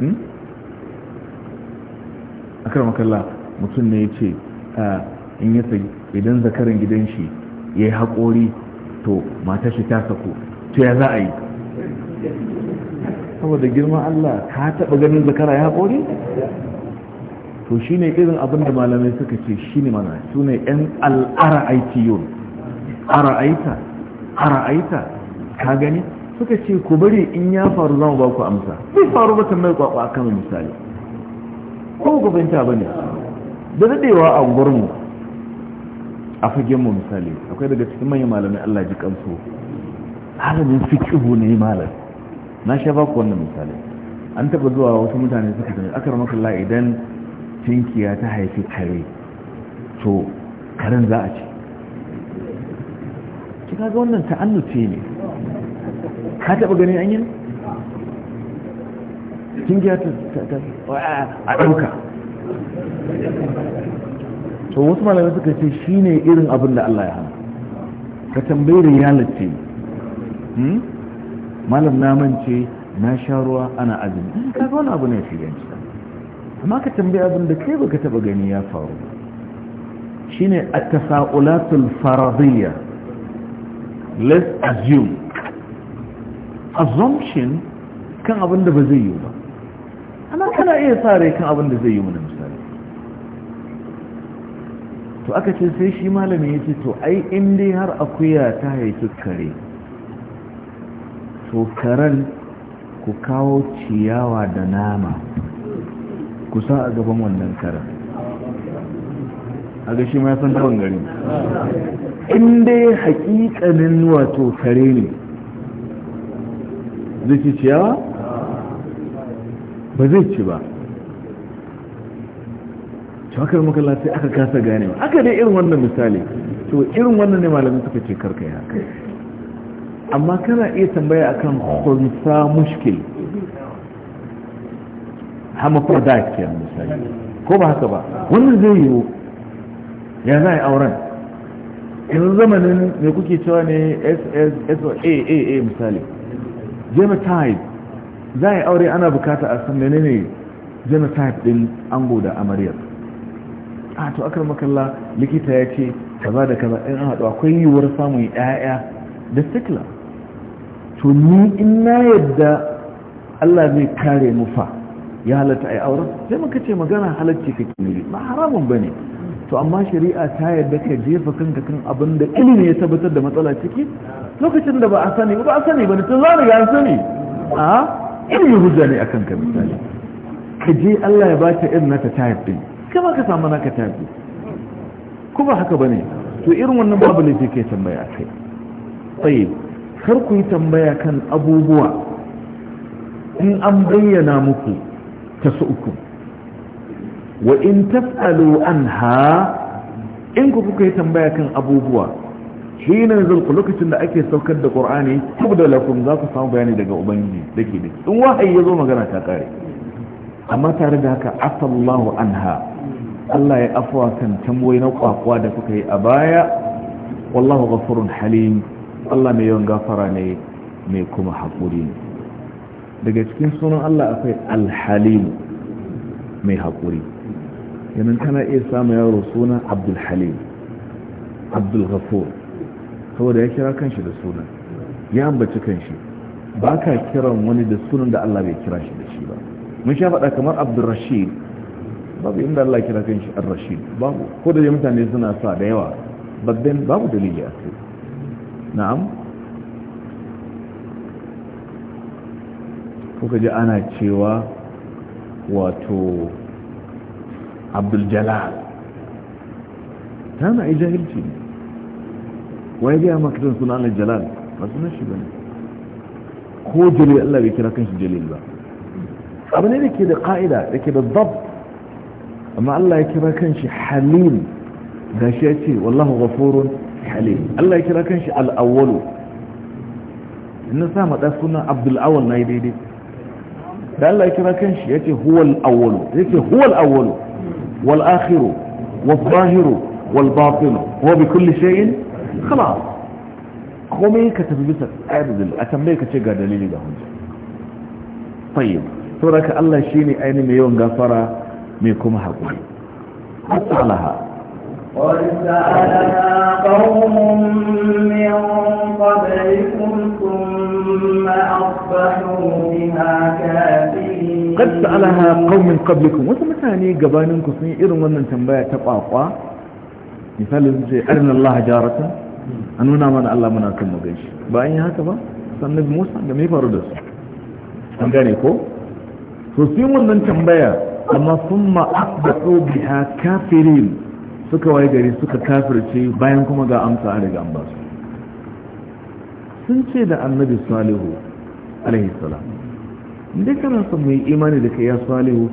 hmm? a Makalla mutum ne ya ce ah, in ya idan zakarin gidan shi ya yi haƙori to mata shi ta saku to ya za a yi saboda girman Allah ka taɓa ganin zakara ya kore to shi ne irin abin da malamai suka ce shi ne mana su ne ‘yan al'ara'aitiyun ara'aita ara'aita ka gani suka ce ku bari in ya faru zama ba ku amsa bai faru ba mai kwakwa kan misali ko ku fahimta ba ne da daɗewa a gurinmu a fagen mu misali akwai daga cikin manyan malamai Allah ji kansu halin fiqhu ne malam na sha baku wannan misali an taba zuwa wasu mutane suka ce akar makalla idan tinkiya ta haifi kare to karen za a ci ki ga wannan ta'annuce ne ka taba ganin an yi tinkiya ta a ɗauka to wasu malamai suka ce shine irin abin da Allah ya hana ka tambayi da ce, hmm? malam na mance na sha ruwa ana azumi hmm, ka ga wani abu ne fi yanci amma ka tambayi abin da kai baka taba gani ya faru shine at-tasa'ulatul faradiyya let's assume assumption kan abin da ba zai yi ba amma kana iya sa rai kan abin da zai yi mana to aka ce sai shi malami ya ce to ai in dai har akuya ta haifi kare to karen ku kawo ciyawa da nama ku sa a gaban wannan karen a ga shi ma ya san gari in dai haƙiƙanin wato kare ne zai ci ciyawa ba zai ci ba shakar makalla sai aka kasa ganewa aka dai irin wannan misali to irin wannan ne malamin suka ce karka ya kai amma kana iya tambaya akan kunsa mushkil hamafardat ke misali ko ba haka ba wannan zai yiwu ya za a yi auren yanzu zamanin mai kuke cewa ne SSAAA misali genotype za a yi aure ana bukata a san menene genotype din ango da amaryar a to aka makalla likita ya ce kaza da kaza in an haɗu akwai yiwuwar samun ƴaƴa da sikila to ni in na yadda Allah zai kare mu fa ya halatta ai auren sai muka ce magana halacci kake ne ba haramun bane to amma shari'a ta yadda ka jefa kanka kan abin da ilimi ya tabbatar da matsala ciki lokacin da ba a sani ba a sani ba tun za ga sani a ilimi hujja ne akan ka misali ka je Allah ya ba ta irin na ta din kama ka samu naka tafi kuma haka ba ne to irin wannan babu laifi ke tambaya a kai tsaye kar ku yi tambaya kan abubuwa in an bayyana muku ta su uku wa in taf'alu anha in ku kuka yi tambaya kan abubuwa hinan zulku lokacin da ake saukar da qur'ani da lafin za ku samu bayani daga ubangiji dake dake in wahayi ya zo magana ta kare amma tare da haka asallahu anha Allah ya afuwa kan tamboyi na kwakwa da kuka yi a baya wallahu ghafurun halim Allah mai yawan gafara ne mai kuma haƙuri ne daga cikin sunan Allah akwai alhalim mai haƙuri yanin kana iya samu yaro suna abdul halim abdul ghafur saboda ya kira kanshi da suna ya ambaci kanshi ba ka kiran wani da sunan da Allah bai kira shi da shi ba mun sha faɗa kamar abdul rashid babu inda Allah kira kan shi ar-rashid babu ko da mutane suna sa da yawa babban babu dalili a kai na'am kuka ji ana cewa wato abdul jalal tana yi jahilci ne wai ga maka tun suna Allah jalal Masu na shi bane ko jalil Allah bai kira kan shi jalil ba abu ne da ke da ka'ida da ke da zabt amma Allah ya kira kanshi halim shi ya ce wallahu ghafurun halim Allah ya kira kanshi al-awwalu na sa ma suna Abdul Awwal na daidai da Allah ya kira kanshi ya ce huwal awwalu ya ce huwal awwalu wal akhiru wal zahiru wal batinu huwa bi kulli shay'in khalas komai ka tafi bisa ƙa'idar a tambaye ka ce ga dalili ga hujja tayyib saboda ka Allah shine ainihin mai yawan gafara mai kuma haƙuri hatta laha قد سألها قوم من قبلكم وثم ثاني قبانين كثني إذن ومن تنبايا تقاقوا مثال أرن الله جارة أنونا من الله من أكل مقيش بأي هاتفا با؟ سنب موسى جميع فردس سنبايا نيكو فرسيم ومن تنبايا amma sun ma'abbaso biha kafirin suka waye gari suka kafirce bayan kuma ga amsa a daga an sun ce da annabi salihu alaihi salam inda kana son mai imani da kai ya salihu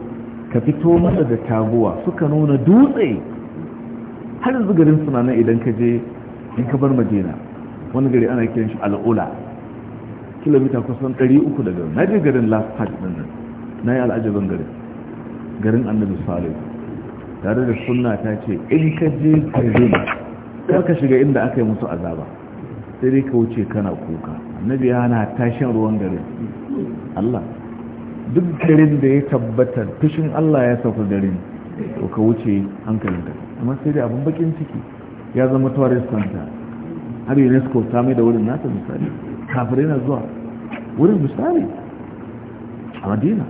ka fito masa da taguwa suka nuna dutse har yanzu garin suna nan idan ka je in ka bar madina wani gari ana kiran shi al'ula kilomita kusan 300 daga na je garin last part din nan na yi al'ajabin garin garin annabi salihu tare da sunna ta ce in ka je garin kar ka shiga inda aka yi musu azaba sai dai ka wuce kana kuka annabi ya hana tashin ruwan garin Allah duk garin da ya tabbatar fushin Allah ya sauka garin to ka wuce hankalin ka amma sai dai abin bakin ciki ya zama tourist center har UNESCO ta mai da wurin nasa misali kafirai na zuwa wurin misali a Madina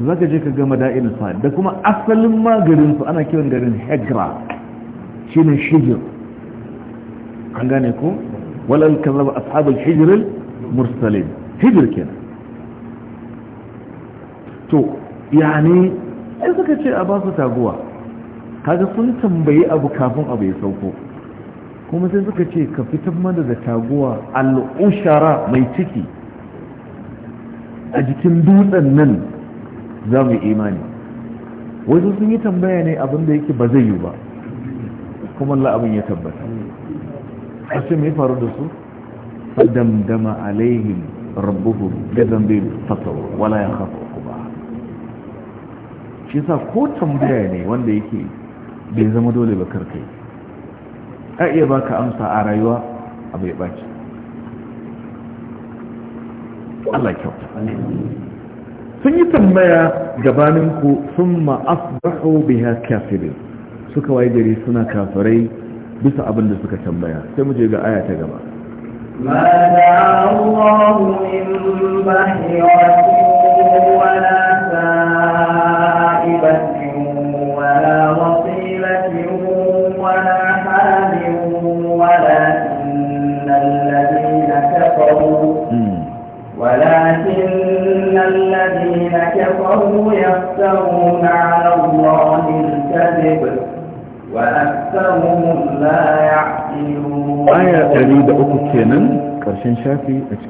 zaka je ka ga madain sa da kuma asalin magarin su ana kiran garin hegra shine shijir an gane ko walal kazaba ashabul hijr al mursalin hijr kenan to yani ai suka ce a ba taguwa kaga sun tambayi abu kafin abu ya sauko kuma sai suka ce ka fitar mana da taguwa al'ushara mai ciki a jikin dutsen nan za mu yi imani wasu sun yi tambaya ne abin da yake ba zai yi ba kuma laabin ya tabbata a ce mai faru da su fadamdama alaihim rabbuhu da zambe fasawa wala ya kafa ba. shi sa ko tambaya ne wanda yake bai zama dole ba karkai a iya baka amsa a rayuwa a bai baci Allah kyauta sun yi tambaya gabaninku sun ma'asbahu biha kafirin suka waye gari suna kafirai bisa abin da suka tambaya sai mu je ga aya ta gaba ما دعا الله من بحيرة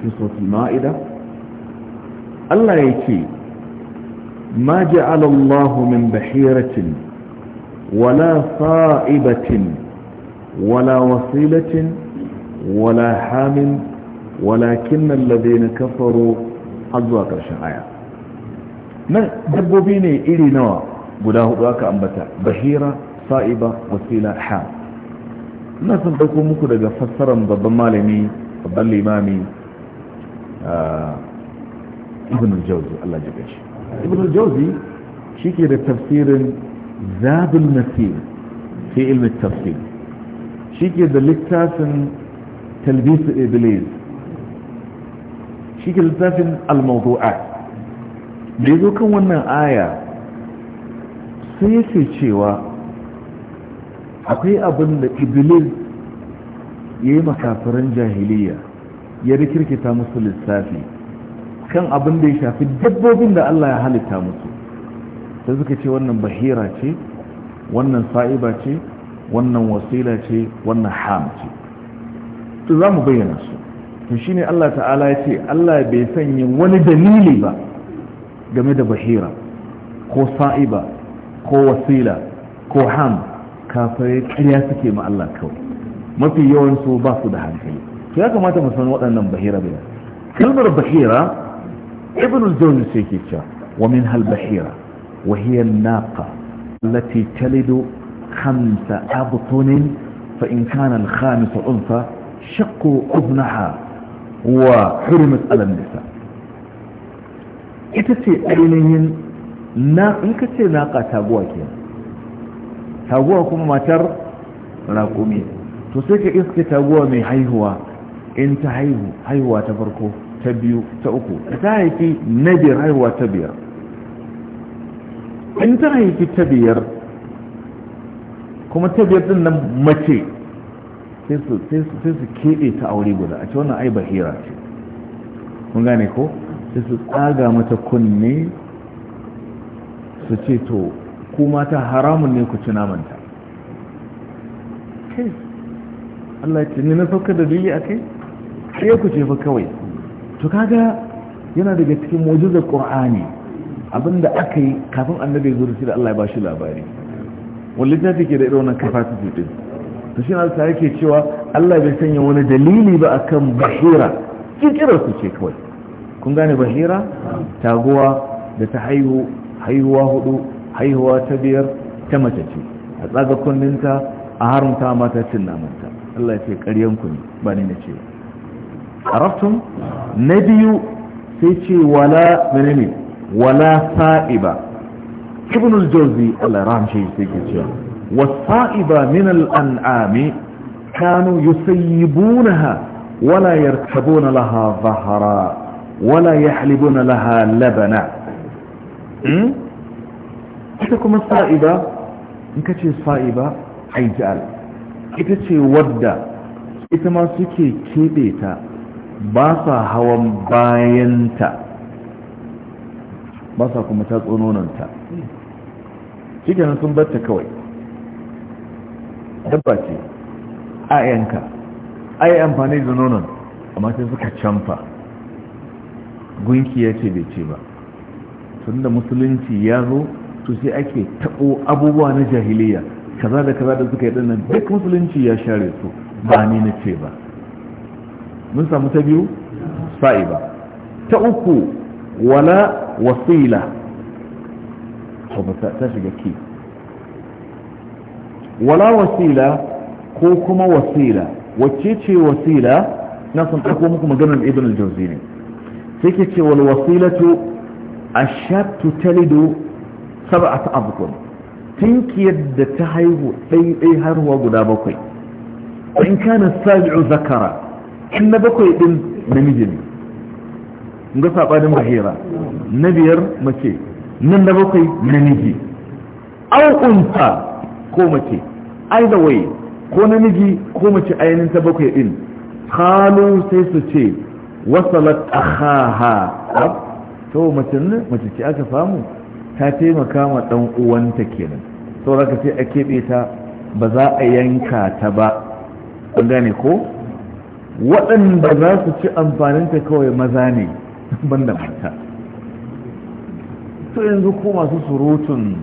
cikin suratul ma'ida Allah ce ma ja'ala min bahiratin wala sa'ibatin wala wasilatin wala hamin na alladhina kafaru azwa karshen aya nan dabbobi ne iri nawa guda hudu aka ambata bahira sa'iba wasila ham ina son ɗauko muku daga fassarar babban malami babban limami ibn al-jawzi Allah ya gaishe ibn al-jawzi shike da tafsirin zadul masir fi ilmi tafsir shike da littafin talbis iblis shike da littafin al-mawdu'at da yazo kan wannan aya sai yake cewa akwai abin da iblis yayi makafiran jahiliya ya ta musu lissafi kan abin da ya shafi dabbobin da Allah ya halitta musu da suka ce wannan bahira ce wannan sa'iba ce wannan wasila ce wannan ham ce to za mu bayyana su to shine Allah ta'ala ya ce Allah bai sanya wani dalili ba game da bahira ko sa'iba ko wasila ko ham kafare ƙarya suke ma Allah kawai mafi yawansu ba su da hankali to ya kamata mu san waɗannan bahira bila kalmar bahira ibn al-jawzi sai ke cewa wa min hal bahira wa hiya an-naqa allati talidu khamsa abtun fa in kana al-khamis unfa shaqqu ibnaha wa hurimat al nisa ita ce ainihin na in ka ce naqa taguwa ke taguwa kuma matar raƙumi to sai ka iske taguwa mai haihuwa in ta haihu haihuwa ta farko ta biyu ta uku ta haifi na biyar haihuwa ta biyar in ta haifi ta biyar kuma ta biyar din nan mace sai su keɓe ta aure guda a ce wannan ai bahira ce kun gane ko sai su tsaga mata kunne su ce to kuma ta haramun ne ku ci namanta Allah ya ce ni na sauka da duniya a kai sai ku ce fa kawai to kaga yana daga cikin mujizar qur'ani abinda aka yi kafin annabi ya zo da shi da Allah ya bashi labari wani littafi ke da irin wannan capacity din to shi na tare ke cewa Allah bai sanya wani dalili ba akan bahira kirkirar su ce kawai kun gane bahira taguwa da ta haihu haihuwa hudu haihuwa ta biyar ta mace ce a tsaga kunninta a haramta mata cin namanta Allah ya ce ƙaryanku ne ba ni na cewa عرفتم نبي سيتي ولا منني ولا صائبة ابن الجوزي الله رحم شيء سيكي والصائبة من الأنعام كانوا يسيبونها ولا يركبون لها ظهرا ولا يحلبون لها لبنا ita الصائبة sa'iba in ka ce sa'iba haijal ita سيكي كيبيتا ba sa hawan bayanta ba sa kuma ta tsononanta cikin sun batta kawai dabba ce a yanka amfani da nonon amma sai suka canfa gunki ya ce bai ce ba tun da musulunci ya zo to sai ake taɓo abubuwa na jahiliya kaza da kaza da suka yi ɗannan duk musulunci ya share su ba ni na ce ba mun samu ta biyu sa'iba ta uku wala wasila ta shiga ki wala wasila ko kuma wasila wacce ce wasila na sun ɗauko muku maganar ibn al-jawzi ne sai ke ce wal wasilatu ashatu talidu sab'at abkun tinkiyar da ta haihu ɗai har harwa guda bakwai in kana sabi'u zakara in na bakwai din namiji ne in ga din bahira na biyar mace nan na bakwai namiji au ko mace either way ko namiji ko mace ainihin ta bakwai din halu sai su ce wasalat akhaha to mace ne mace ce aka samu ta taimaka ma dan uwanta kenan saboda ka sai a keɓe ta ba za a yanka ta ba gane ko waɗanda za su ci amfaninta kawai maza ne banda mata to yanzu ko masu surutun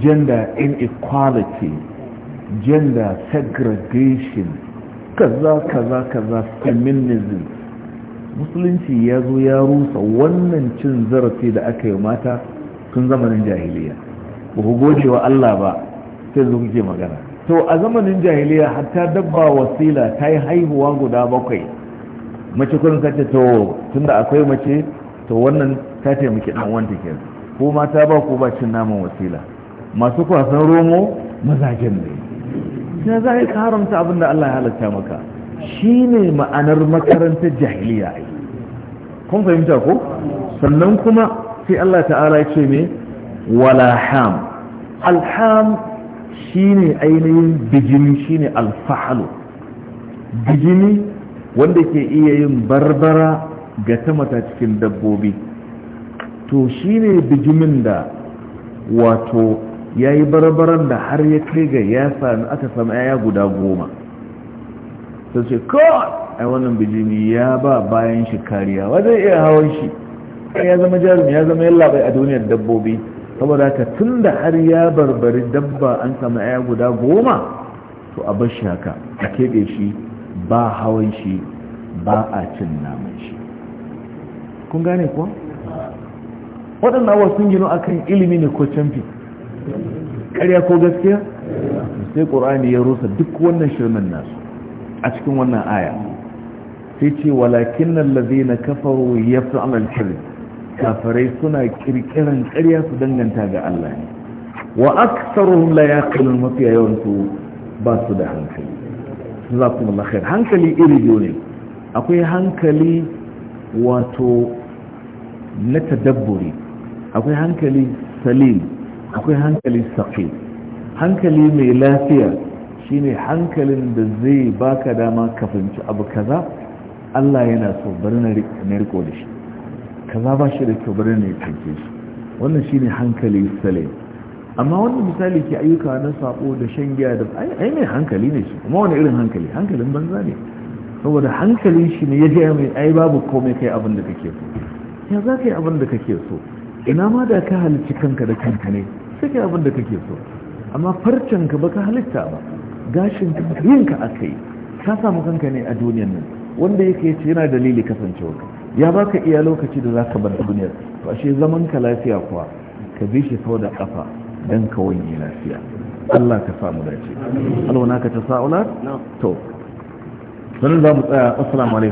gender inequality gender segregation kaza kaza kaza feminism musulunci ya zo ya rusa wannan cin zarafi da aka yi mata tun zamanin jahiliya ba ku gode wa Allah ba sai zo kuke magana to a zamanin jahiliya hatta dabba wasila ta yi haihuwa guda bakwai mace kun kace to tunda akwai mace to wannan ta taimaki dan wanda ke ko mata ba ko ba cin naman wasila masu kwasan romo mazajen ne ya za ka haramta abin da Allah ya halatta maka Shi ne ma'anar makarantar jahiliya ai kun fahimta ko sannan kuma sai Allah ta'ala ya ce ne wala ham alham shine ainihin bijimi shine alfahalu bijimi wanda ke iya yin barbara ga mata cikin dabbobi to shine bijimin da wato ya yi barbaran da har ya kai ga ya sami aka sami ya guda goma sai ce kawai ai wannan bijimi ya ba bayan shi kariya wajen iya hawan shi ya zama jarumi ya zama yallaɓai a duniyar dabbobi saboda ka tun da har ya barbari dabba an samu ya guda goma to a bar shi haka a keɓe shi ba hawan shi ba a cin naman shi kun gane kuwa waɗanda awa sun gino akan ilimi ne ko canfi ƙarya ko gaskiya sai ƙorani ya rusa duk wannan shirmin nasu a cikin wannan aya sai ce walakin nan kafa kafaru ya fi amal kafirai suna kirkiran ƙarya su danganta ga Allah ne wa aktsaruhum la yaqilun mafiya yawan su ba su da hankali Za mu khair hankali iri akwai hankali wato na tadabburi akwai hankali salim akwai hankali saqi hankali mai lafiya shine hankalin da zai baka dama ka fahimci abu kaza Allah yana so bari na riko da shi kaza ba shi da kyau bari ne kanke shi wannan shine hankali sale amma wannan misali ke ayyuka na sabo da shan giya da ai mai hankali ne shi kuma wani irin hankali hankalin banza ne saboda hankalin shi ne ya je mai ai babu komai kai abin da kake so ya za ka yi abin da kake so ina ma da ka halicci kanka da kanka ne sai kai abin da kake so amma farcen ka baka halitta ba gashin ka yin ka akai ka samu kanka ne a duniyar nan wanda yake ce yana dalili kasancewa ya baka iya lokaci da zaka bar duniyar to ashe zaman ka lafiya kuwa ka bi shi sau da kafa dan ka wani lafiya Allah ka samu dace alwana ka ta sa'ula to sanin za mu tsaya assalamu alaikum